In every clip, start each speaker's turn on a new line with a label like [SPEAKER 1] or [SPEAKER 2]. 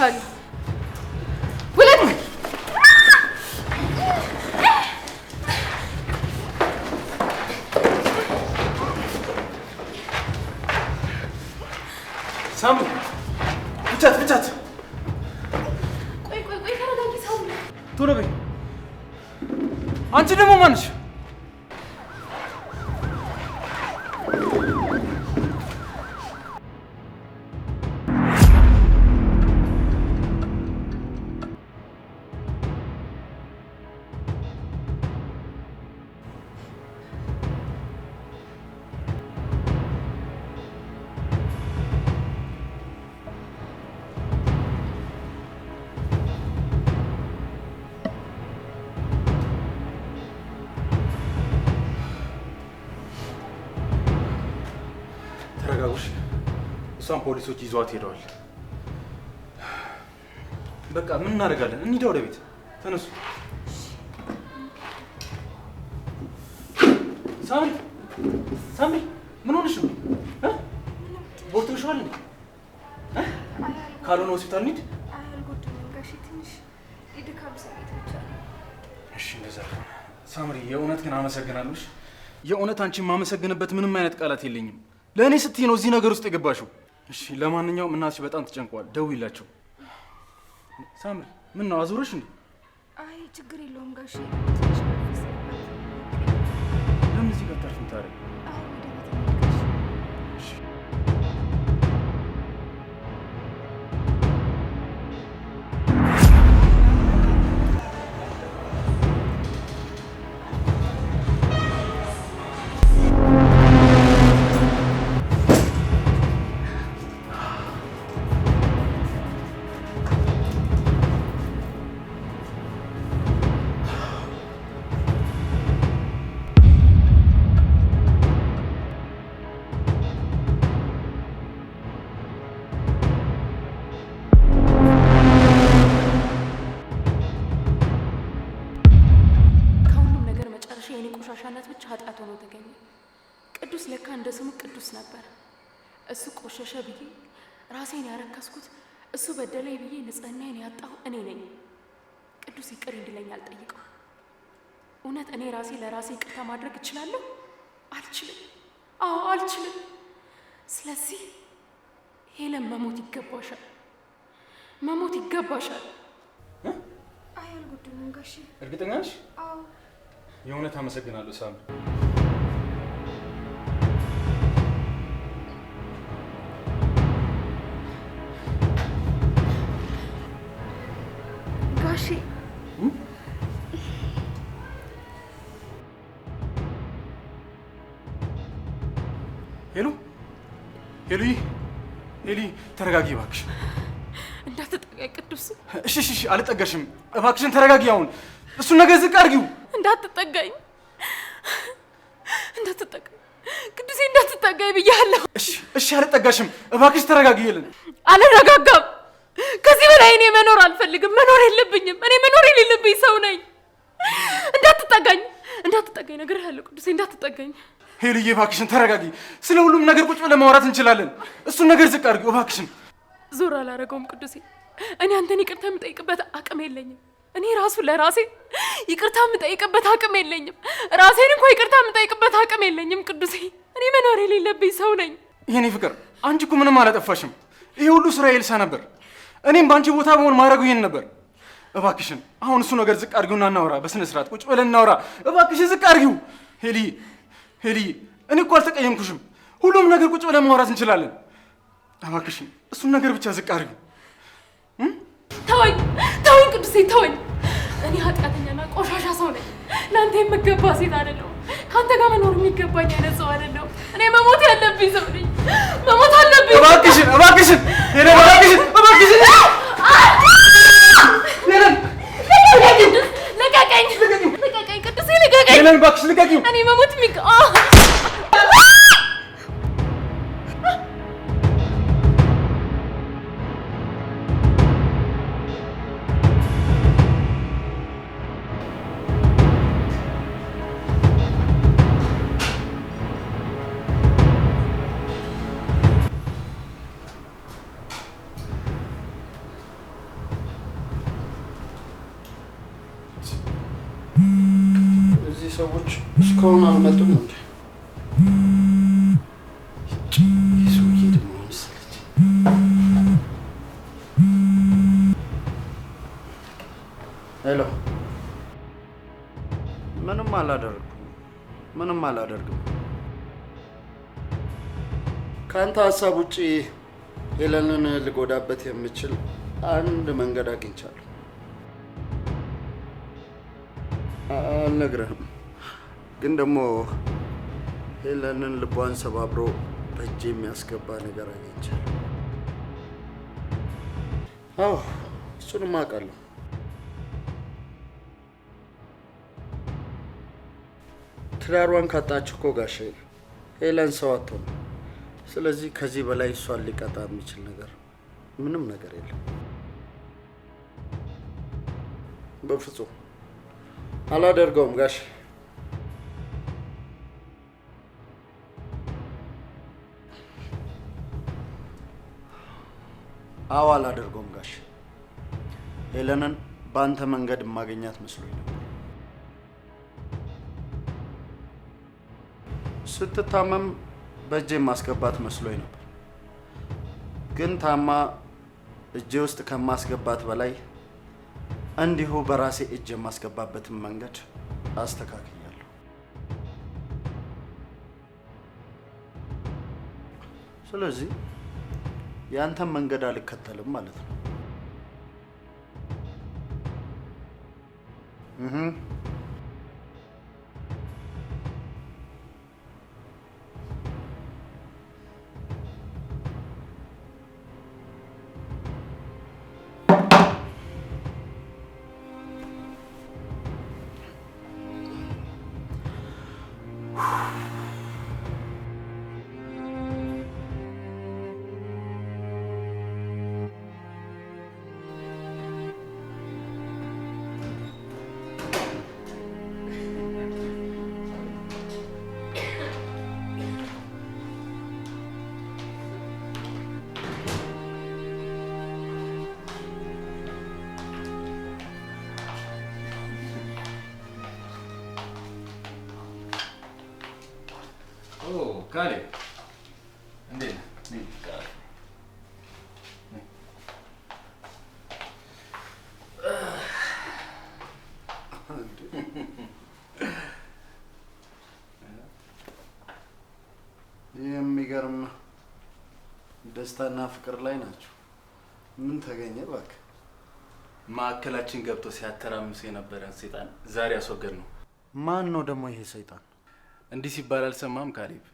[SPEAKER 1] እልሻለሁ። ውለድ
[SPEAKER 2] ሳሙ ብቻት ብቻት።
[SPEAKER 1] ቆይ ቆይ ቆይ፣ ተረጋጊ ሳሙ።
[SPEAKER 2] ቶሎ በይ። አንቺ ደግሞ ማንሽ እሷን ፖሊሶች ይዟት ሄደዋል። በቃ ምን እናደርጋለን? እንሂዳ ወደ ቤት። ተነሱ። ሳምሪ፣ ሳምሪ ምን ሆነሽ ነው? ቦርቶሻል እንዴ? ካልሆነ ሆስፒታል እንሂድ። እሺ፣ እንደዛ ሳምሪ። የእውነት ግን አመሰግናለሽ። የእውነት አንቺን የማመሰግንበት ምንም አይነት ቃላት የለኝም። ለእኔ ስትይ ነው እዚህ ነገር ውስጥ የገባሽው። እሺ፣ ለማንኛውም እናትሽ በጣም ተጨንቀዋል። ደውይላቸው። ሳምሪ፣ ምን ነው አዙረሽ እንዴ?
[SPEAKER 1] አይ ችግር የለውም ጋሽ።
[SPEAKER 2] ለምን እዚህ ጋር ታርፍን ታዲያ?
[SPEAKER 1] ቆሻሻነት ብቻ ኃጢአት ሆኖ ተገኘ። ቅዱስ ለካ እንደ ስሙ ቅዱስ ነበር። እሱ ቆሸሸ ብዬ ራሴን ያረከስኩት፣ እሱ በደለኝ ብዬ ንጽህናዬን ያጣሁ እኔ ነኝ። ቅዱስ ይቅር እንዲለኝ አልጠይቀው። እውነት እኔ ራሴ ለራሴ ይቅርታ ማድረግ እችላለሁ? አልችልም። አዎ አልችልም። ስለዚህ ሄለን መሞት ይገባሻል፣ መሞት ይገባሻል። አይ አልጎድንም ጋሽ።
[SPEAKER 2] እርግጠኛ ነሽ? አዎ የእውነት አመሰግናለሁ ሳም። ጋሼ ሄሎ፣ ሄሉ፣ ሄሊ ተረጋጊ እባክሽ።
[SPEAKER 1] እንዳትጠጋ ቅዱስ።
[SPEAKER 2] እሺ፣ እሺ፣ አልጠጋሽም እባክሽን፣ ተረጋጊ። አሁን እሱን ነገር ዝቅ አድርጊው።
[SPEAKER 1] እንዳትጠጋኝ እንዳትጠጋኝ ቅዱሴ እንዳትጠጋኝ ብያለሁ።
[SPEAKER 2] እሺ አልጠጋሽም። እባክሽ ተረጋግዬልን።
[SPEAKER 1] አልረጋጋም። ከዚህ በላይ እኔ መኖር አልፈልግም። መኖር የለብኝም። እኔ መኖር የሌለብኝ ሰው ነኝ። እንዳትጠጋኝ እንዳትጠጋኝ፣ ነግሬሃለሁ ቅዱሴ፣ እንዳትጠጋኝ።
[SPEAKER 2] ሄልዬ እባክሽን ተረጋጊ። ስለ ሁሉም ነገር ቁጭ ብለን ማውራት እንችላለን። እሱን ነገር ዝቅ አድርጊው እባክሽን።
[SPEAKER 1] ዞር አላረገውም ቅዱሴ። እኔ አንተን ይቅርታ የምጠይቅበት አቅም የለኝም። እኔ ራሱ ለራሴ ይቅርታ የምጠይቅበት አቅም የለኝም። ራሴን እንኳ ይቅርታ የምጠይቅበት አቅም የለኝም። ቅዱሴ፣ እኔ መኖር የሌለብኝ ሰው ነኝ።
[SPEAKER 2] የኔ ፍቅር፣ አንቺ እኮ ምንም አላጠፋሽም። ይሄ ሁሉ ስራ የልሳ ነበር። እኔም በአንቺ ቦታ በሆን ማድረጉ ይህን ነበር። እባክሽን አሁን እሱ ነገር ዝቅ አድርጊውና እናውራ። በስነ ስርዓት ቁጭ ብለን እናውራ። እባክሽን ዝቅ አድርጊው። ሄሊ ሄሊ፣ እኔ እኮ አልተቀየምኩሽም። ሁሉም ነገር ቁጭ ብለን ማውራት እንችላለን። እባክሽን እሱን ነገር ብቻ ዝቅ አድርጊው።
[SPEAKER 1] ተወኝ ቅዱሴ ተወኝ። እኔ ኃጢአተኛና ቆሻሻ ሰው ነኝ። ለአንተ የምገባ ሴት አይደለሁም። ከአንተ ጋር መኖር የሚገባኝ አይነት ሰው አይደለሁም። እኔ መሞት ያለብኝ ሰው ነኝ። መሞት አለብኝ።
[SPEAKER 2] እባክሽን፣ እባክሽን፣ እባክሽን፣ እባክሽን ልቀቀኝ፣ ቅዱሴ
[SPEAKER 1] እኔ መሞት
[SPEAKER 3] ሰዎች እስካሁን አልመጡም። ሄሎ፣ ምንም አላደርግም፣ ምንም አላደርግም። ከአንተ ሀሳብ ውጭ ሄለንን ልጎዳበት የምችል አንድ መንገድ አግኝቻለሁ። አልነግረህም። ግን ደግሞ ሄለንን ልቧን ሰባብሮ በእጅ የሚያስገባ ነገር አግኝቻለሁ። አዎ እሱንም አውቃለሁ። ትዳሯን ካጣች እኮ ጋሼ ሄለን ሰው አትሆን። ስለዚህ ከዚህ በላይ እሷን ሊቀጣ የሚችል ነገር ምንም ነገር የለም። በፍጹም አላደርገውም ጋሼ አዎ አላደርገውም ጋሽ ሄለንን በአንተ መንገድ የማገኛት መስሎኝ ነበር። ስትታመም በእጄ የማስገባት መስሎኝ ነበር፣ ግን ታማ እጄ ውስጥ ከማስገባት በላይ እንዲሁ በራሴ እጅ የማስገባበትን መንገድ አስተካክያለሁ። ስለዚህ የአንተን መንገድ አልከተልም ማለት ነው።
[SPEAKER 4] ካሌ እንዴት
[SPEAKER 3] የሚገርም ደስታና ፍቅር ላይ ናቸው። ምን ተገኘ? እባክህ
[SPEAKER 4] ማዕከላችን ገብቶ ሲያተራምስ የነበረን ሰይጣን ዛሬ አስወገድ ነው።
[SPEAKER 3] ማን ነው ደግሞ ይሄ ሰይጣን?
[SPEAKER 4] እንዲህ ሲባል አልሰማም ካሌብ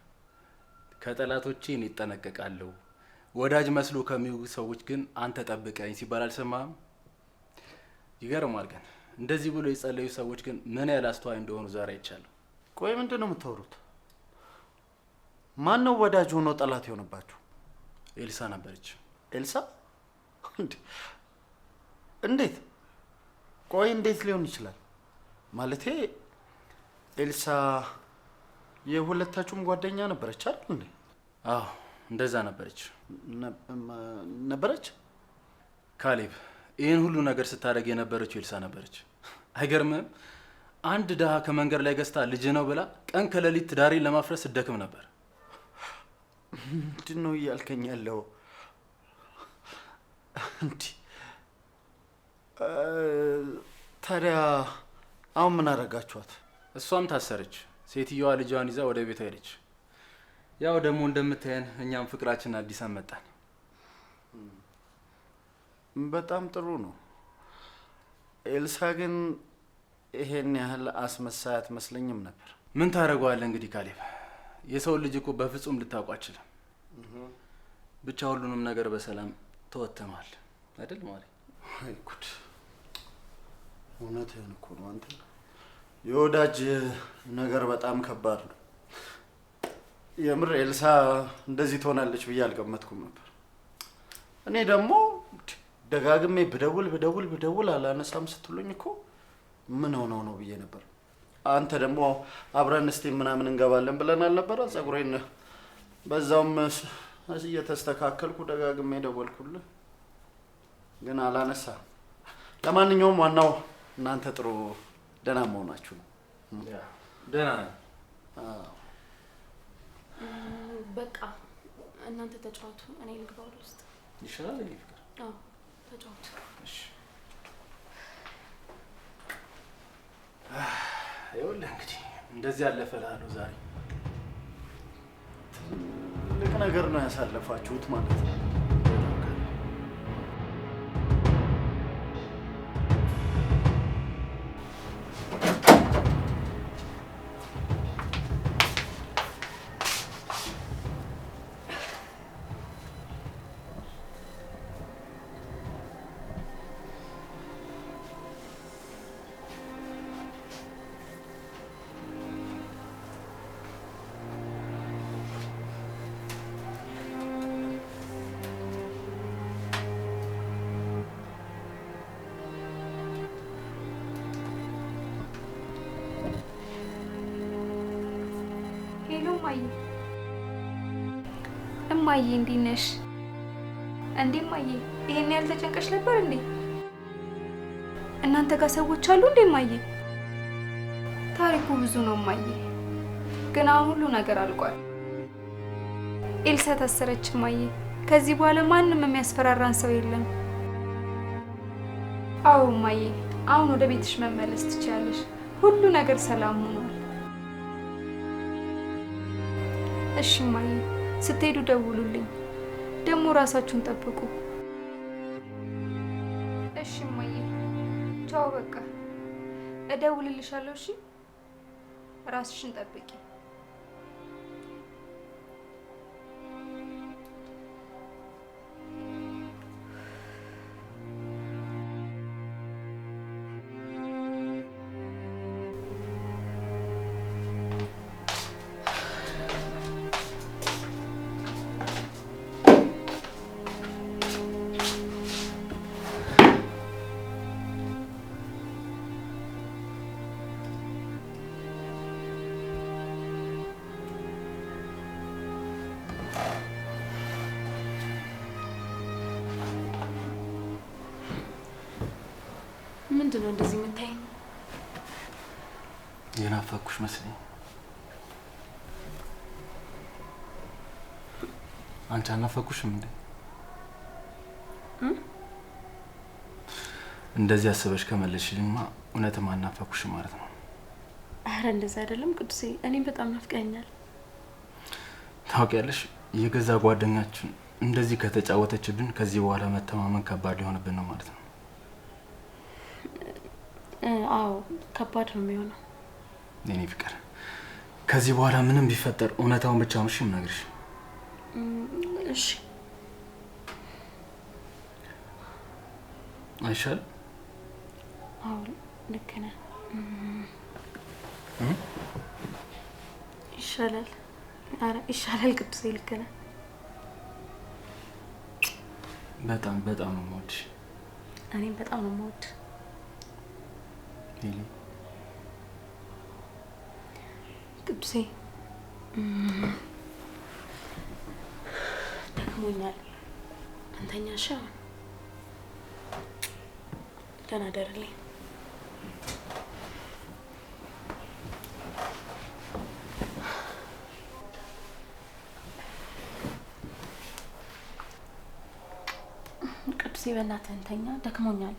[SPEAKER 4] ከጠላቶቼ እኔ እጠነቀቃለሁ፣ ወዳጅ መስሎ ከሚው ሰዎች ግን አንተ ጠብቀኝ ሲባል አልሰማህም? ይገርማል። ግን እንደዚህ ብሎ የጸለዩ ሰዎች ግን ምን ያህል አስተዋይ እንደሆኑ ዛሬ አይቻለሁ።
[SPEAKER 3] ቆይ ምንድን ነው የምታወሩት? ማን ነው ወዳጅ ሆኖ ጠላት የሆነባችሁ?
[SPEAKER 4] ኤልሳ ነበረች።
[SPEAKER 3] ኤልሳ? እንዴት? ቆይ እንዴት ሊሆን ይችላል? ማለቴ ኤልሳ የሁለታችሁም ጓደኛ ነበረች አይደል?
[SPEAKER 4] አዎ እንደዛ ነበረች ነበረች። ካሌብ ይህን ሁሉ ነገር ስታደርግ የነበረችው ኤልሳ ነበረች። አይገርምህም? አንድ ድሃ ከመንገድ ላይ ገዝታ ልጅ ነው ብላ ቀን ከሌሊት ትዳሬን ለማፍረስ ስደክም ነበር።
[SPEAKER 3] ምንድን ነው እያልከኝ ያለው? እንዲ ታዲያ አሁን ምን አረጋችኋት?
[SPEAKER 4] እሷም ታሰረች። ሴትየዋ ልጇን ይዛ ወደ ቤቷ ሄደች። ያው ደግሞ እንደምታየን እኛም ፍቅራችን አዲስ አመጣን።
[SPEAKER 3] በጣም ጥሩ ነው። ኤልሳ ግን ይሄን ያህል አስመሳይ አትመስለኝም ነበር።
[SPEAKER 4] ምን ታደርገዋለህ እንግዲህ ካሌብ፣ የሰው ልጅ እኮ በፍጹም ልታውቁ አችልም። ብቻ ሁሉንም ነገር በሰላም ተወተኗል አይደል ማለት
[SPEAKER 3] ጉድ። እውነትህን እኮ ነው አንተ። የወዳጅ ነገር በጣም ከባድ ነው። የምር ኤልሳ እንደዚህ ትሆናለች ብዬ አልገመትኩም ነበር። እኔ ደግሞ ደጋግሜ ብደውል ብደውል ብደውል አላነሳም ስትሉኝ እኮ ምን ሆነው ነው ብዬ ነበር። አንተ ደግሞ አብረን እስቲ ምናምን እንገባለን ብለን አልነበረ? ጸጉሬን በዛውም እየተስተካከልኩ ደጋግሜ ደወልኩልህ፣ ግን አላነሳ። ለማንኛውም ዋናው እናንተ ጥሩ ደህና መሆናችሁ ነው።
[SPEAKER 4] ደህና
[SPEAKER 1] በቃ እናንተ ተጫወቱ፣ እኔ ልግባ ወደ ውስጥ።
[SPEAKER 4] ይሻላል እንዴ? ፍቅር?
[SPEAKER 1] አዎ ተጫወቱ።
[SPEAKER 3] ይኸውልህ እንግዲህ እንደዚህ ያለፈ እልሃለሁ። ዛሬ ትልቅ ነገር ነው ያሳለፋችሁት ማለት ነው።
[SPEAKER 1] እማዬ እንዴት ነሽ? እንዴ እማዬ ይሄን ያህል ተጨንቀሽ ነበር እንዴ? እናንተ ጋር ሰዎች አሉ እንዴ እማዬ? ታሪኩ ብዙ ነው እማዬ፣ ግን አሁን ሁሉ ነገር አልቋል። ኤልሳ ታሰረች እማዬ። ከዚህ በኋላ ማንም የሚያስፈራራን ሰው የለም። አዎ እማዬ፣ አሁን ወደ ቤትሽ መመለስ ትችያለሽ። ሁሉ ነገር ሰላም ሆኗል። እሺ እማዬ። ስትሄዱ ደውሉልኝ። ደግሞ ራሳችሁን ጠብቁ እሺ? እማዬ ቻው፣ በቃ እደውልልሻለሁ። እሺ፣ ራስሽን ጠብቂ።
[SPEAKER 4] አትመስለኝ። አንቺ አናፈኩሽም እንዴ? እንደዚህ አስበሽ ከመለስሽልኝማ እውነትም አናፈኩሽ ማለት ነው።
[SPEAKER 1] አረ እንደዚህ አይደለም ቅዱሴ፣ እኔም በጣም ናፍቀኛል።
[SPEAKER 4] ታውቂያለሽ፣ የገዛ ጓደኛችን እንደዚህ ከተጫወተችብን ከዚህ በኋላ መተማመን ከባድ ሊሆንብን ነው ማለት ነው።
[SPEAKER 1] አዎ ከባድ ነው የሚሆነው።
[SPEAKER 4] የኔ ፍቅር ከዚህ በኋላ ምንም ቢፈጠር እውነታውን ብቻ ነው እሺ የምነግርሽ። እሺ አይሻል?
[SPEAKER 1] አዎ ልክ ነህ። ይሻላል። ኧረ ይሻላል። ቅዱሴ ልክ ነህ።
[SPEAKER 4] በጣም በጣም ነው የምወድሽ።
[SPEAKER 1] እኔም በጣም ነው የምወድ ቅዱሴ ደክሞኛል። እንተኛ ሻ ደህና ደርልኝ። ቅዱሴ በእናትህ እንተኛ፣ ደክሞኛል።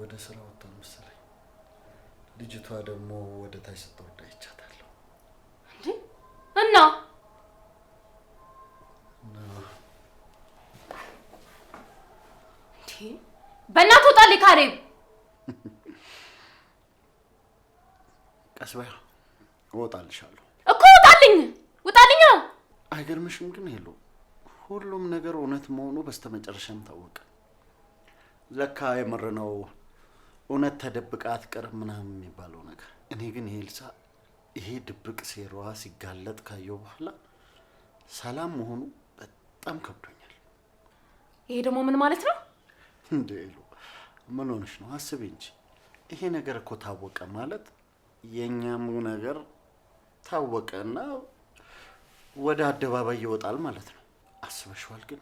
[SPEAKER 3] ወደ ስራ ወጥቷል መሰለኝ። ልጅቷ ደግሞ ወደ ታች ስትወርድ ይቻታለሁ።
[SPEAKER 1] እንዴ! እና በእናቱ ጣሊ ካሬ
[SPEAKER 3] ቀስ በያ እወጣልሻለሁ
[SPEAKER 1] እኮ ውጣልኝ፣ ውጣልኛ።
[SPEAKER 3] አይገርምሽም? ግን የሉ ሁሉም ነገር እውነት መሆኑ በስተመጨረሻም ታወቀ። ለካ የምር ነው እውነት ተደብቃ አትቀርም ምናምን የሚባለው ነገር። እኔ ግን ይሄ ልሳ ይሄ ድብቅ ሴሯ ሲጋለጥ ካየው በኋላ ሰላም መሆኑ በጣም ከብዶኛል።
[SPEAKER 1] ይሄ ደግሞ ምን ማለት ነው
[SPEAKER 3] እንዴ? ሉ ምን ሆነሽ ነው? አስቤ እንጂ ይሄ ነገር እኮ ታወቀ ማለት የእኛም ነገር ታወቀ እና ወደ አደባባይ ይወጣል ማለት ነው። አስበሽዋል? ግን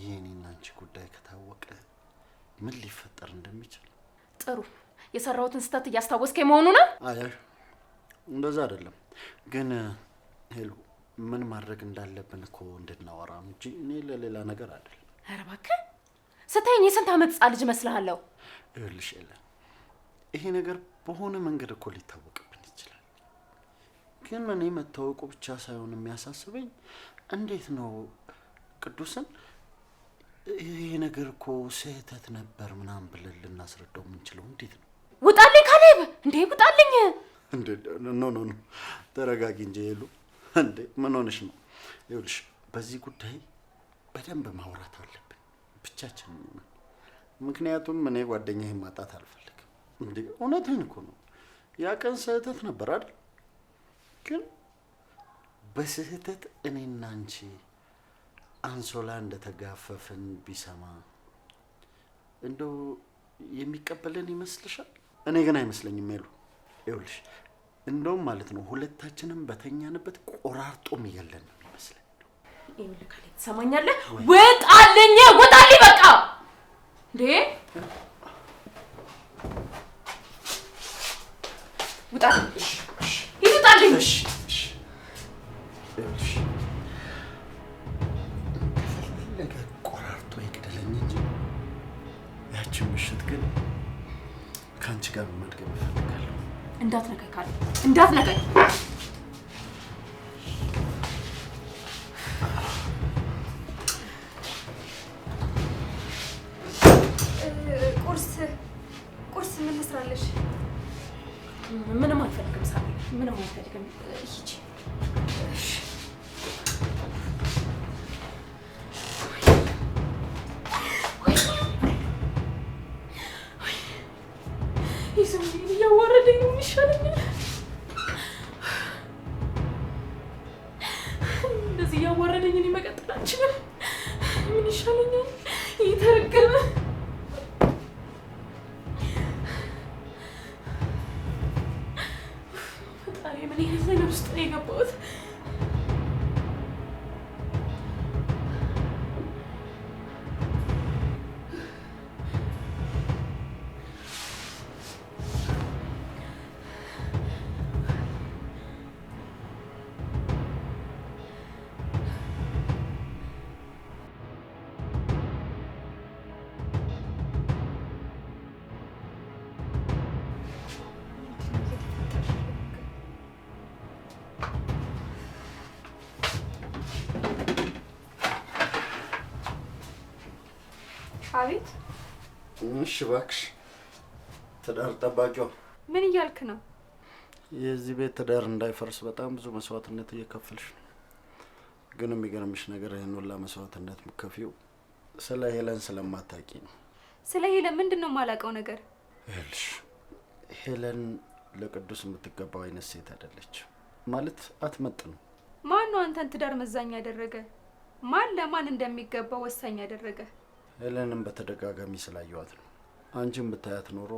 [SPEAKER 3] ይሄኔና አንቺ ጉዳይ ከታወቀ ምን ሊፈጠር እንደሚችል
[SPEAKER 1] ጥሩ የሰራሁትን ስህተት እያስታወስከ መሆኑ ነው?
[SPEAKER 3] አይ እንደዛ አይደለም ግን ሄሉ፣ ምን ማድረግ እንዳለብን እኮ እንድናወራ እንጂ እኔ ለሌላ ነገር አይደለም።
[SPEAKER 1] ኧረ እባክህ ስታይኝ የስንት አመት ጻ ልጅ መስልሃለሁ
[SPEAKER 3] ይኸውልሽ የለን ይሄ ነገር በሆነ መንገድ እኮ ሊታወቅብን ይችላል። ግን እኔ መታወቁ ብቻ ሳይሆን የሚያሳስበኝ እንዴት ነው ቅዱስን ይህ ነገር እኮ ስህተት ነበር ምናምን ብለን ልናስረዳው የምንችለው እንዴት ነው?
[SPEAKER 1] ውጣልኝ ካሌብ! እንዴ ውጣልኝ!
[SPEAKER 3] እንዴ ኖ ኖ ኖ ተረጋጊ እንጂ የሉ እንዴ ምን ሆነሽ ነው? ይኸውልሽ በዚህ ጉዳይ በደንብ ማውራት አለብን ብቻችን። ሆነ። ምክንያቱም እኔ ጓደኛ ማጣት አልፈልግም። እንዴ እውነትህን እኮ ነው። ያ ቀን ስህተት ነበር አይደል? ግን በስህተት እኔና አንቺ አንሶላ እንደተጋፈፍን ቢሰማ እንደው የሚቀበለን ይመስልሻል? እኔ ግን አይመስለኝም። ሄሉ ይኸውልሽ፣ እንደውም ማለት ነው ሁለታችንም በተኛንበት ቆራርጦም እያለን ነው የሚመስለን።
[SPEAKER 1] ትሰማኛለህ? ወጣልኝ፣ ወጣልኝ፣ በቃ እንዴ! ውጣ፣ ይውጣልኝ
[SPEAKER 3] ጋር መድገም እፈልጋለሁ።
[SPEAKER 1] እንዳትነካኝ ካለ እንዳትነካኝ። ቁርስ ቁርስ ምን ትሰራለሽ? ምንም አልፈልግም። ሳ ምንም አልፈልግም። ሂጂ አቤት።
[SPEAKER 3] እሺ እባክሽ፣ ትዳር ጠባቂው
[SPEAKER 1] ምን እያልክ ነው?
[SPEAKER 3] የዚህ ቤት ትዳር እንዳይፈርስ በጣም ብዙ መስዋዕትነት እየከፈልሽ ነው። ግን የሚገርምሽ ነገር ይህን ሁላ መስዋዕትነት ምከፊው ስለ ሄለን ስለማታውቂ ነው።
[SPEAKER 1] ስለ ሄለን ምንድን ነው የማላውቀው ነገር?
[SPEAKER 3] ይኸውልሽ ሄለን ለቅዱስ የምትገባው አይነት ሴት አይደለች። ማለት አትመጥኑ።
[SPEAKER 1] ማን ነው አንተን ትዳር መዛኝ ያደረገ? ማን ለማን እንደሚገባ ወሳኝ ያደረገ?
[SPEAKER 3] ኤለንን በተደጋጋሚ ስላየዋት ነው። አንቺን ብታያት ኖሮ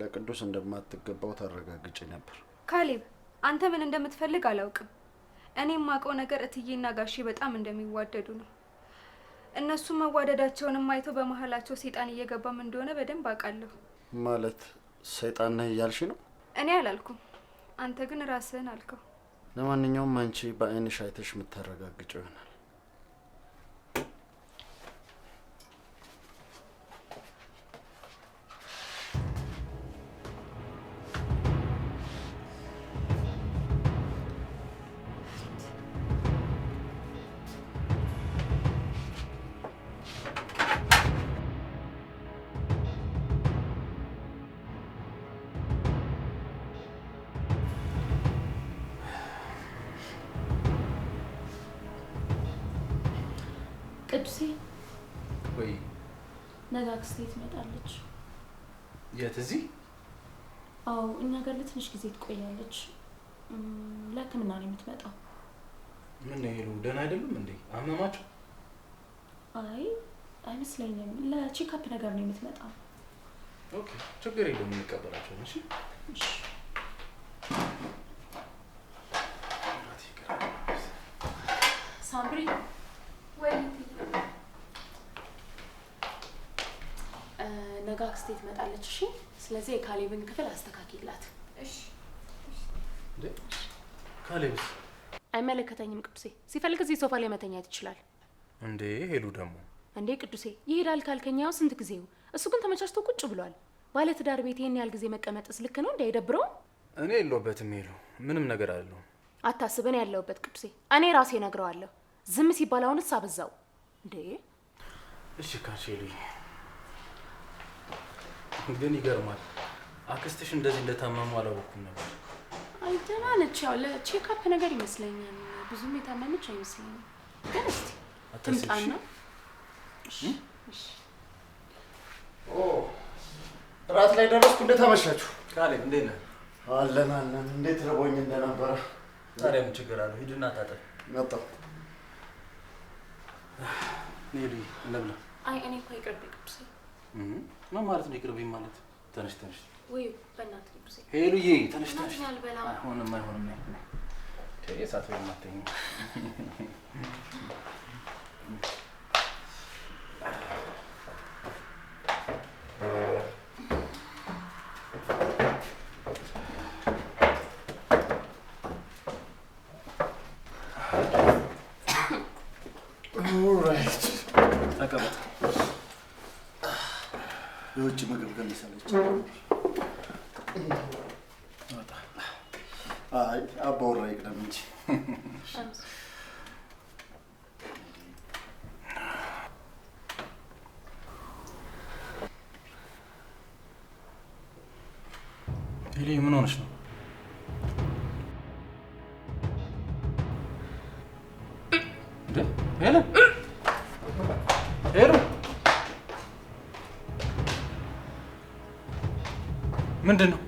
[SPEAKER 3] ለቅዱስ እንደማትገባው ታረጋግጭ ነበር።
[SPEAKER 1] ካሌብ፣ አንተ ምን እንደምትፈልግ አላውቅም። እኔ የማውቀው ነገር እትዬና ጋሼ በጣም እንደሚዋደዱ ነው። እነሱ መዋደዳቸውንም አይተው በመሀላቸው ሰይጣን እየገባም እንደሆነ በደንብ አውቃለሁ።
[SPEAKER 3] ማለት ሰይጣን ነህ እያልሽ ነው?
[SPEAKER 1] እኔ አላልኩም፣ አንተ ግን ራስህን አልከው።
[SPEAKER 3] ለማንኛውም አንቺ በአይንሽ አይተሽ የምታረጋግጭ ይሆናል።
[SPEAKER 1] ቅዱሴ ወይ ነገ አክስቴ ትመጣለች። የት? እዚህ? አዎ፣ እኛ ጋር ለትንሽ ጊዜ ትቆያለች። ለህክምና ነው የምትመጣው።
[SPEAKER 4] ምን ነው ሄሉ፣ ደህና አይደሉም እንዴ? አመማቸው?
[SPEAKER 1] አይ አይመስለኝም። ለቼካፕ ነገር ነው የምትመጣው።
[SPEAKER 4] ኦኬ፣ ችግር የለውም እንቀበላቸው። እሺ
[SPEAKER 1] አለች። እሺ፣ ስለዚህ የካሌብን ክፍል አስተካኪላት። ካሌብስ አይመለከተኝም ቅዱሴ። ሲፈልግ እዚህ ሶፋ ላይ መተኛት ይችላል።
[SPEAKER 4] እንዴ ሄሉ ደግሞ
[SPEAKER 1] እንዴ ቅዱሴ ይሄዳል ካልከኛው ስንት ጊዜው። እሱ ግን ተመቻችቶ ቁጭ ብሏል። ባለትዳር ቤት ይህን ያህል ጊዜ መቀመጥስ ልክ ነው? እንዳይደብረው።
[SPEAKER 4] እኔ የለሁበትም ሄሉ፣ ምንም ነገር አለው
[SPEAKER 1] አታስብን። ያለሁበት ቅዱሴ፣ እኔ ራሴ ነግረዋለሁ። ዝም ሲባል አሁንስ አበዛው እንዴ።
[SPEAKER 4] እሺ ካሽ ግን ይገርማል። አክስትሽ እንደዚህ እንደታመሙ አላወኩም ነበር።
[SPEAKER 1] አይ ደህና ነች። ያው ለቼክአፕ ነገር ይመስለኛል። ብዙም የታመመች አይመስለኝም። ግን እስኪ ትምጣና
[SPEAKER 3] እራት ላይ ደረስኩ። እንዴት አመሻችሁ? ካሌብ እንዴት ነህ? አለን አለን። እንዴት ረቦኝ እንደነበረ ዛሬ ምን ችግር አለው? ሂድና ታጠብ። መጣሁ። አይ እኔ እኮ ይቅርብ ቅዱሴ ምን ማለት ነው? ይቅርብኝ ማለት ተነሽ፣ ተነሽ ወይ በእናትህ ቅዱሴ። ሄሉዬ ተነሽ፣ ተነሽ። አይሆንም፣ አይሆንም። እሳት ወይ ማተኝ ሰለች። አይ አባወራ ይቅደም እንጂ ሄሊ ምን ሆነች ነው? ምንድን ነው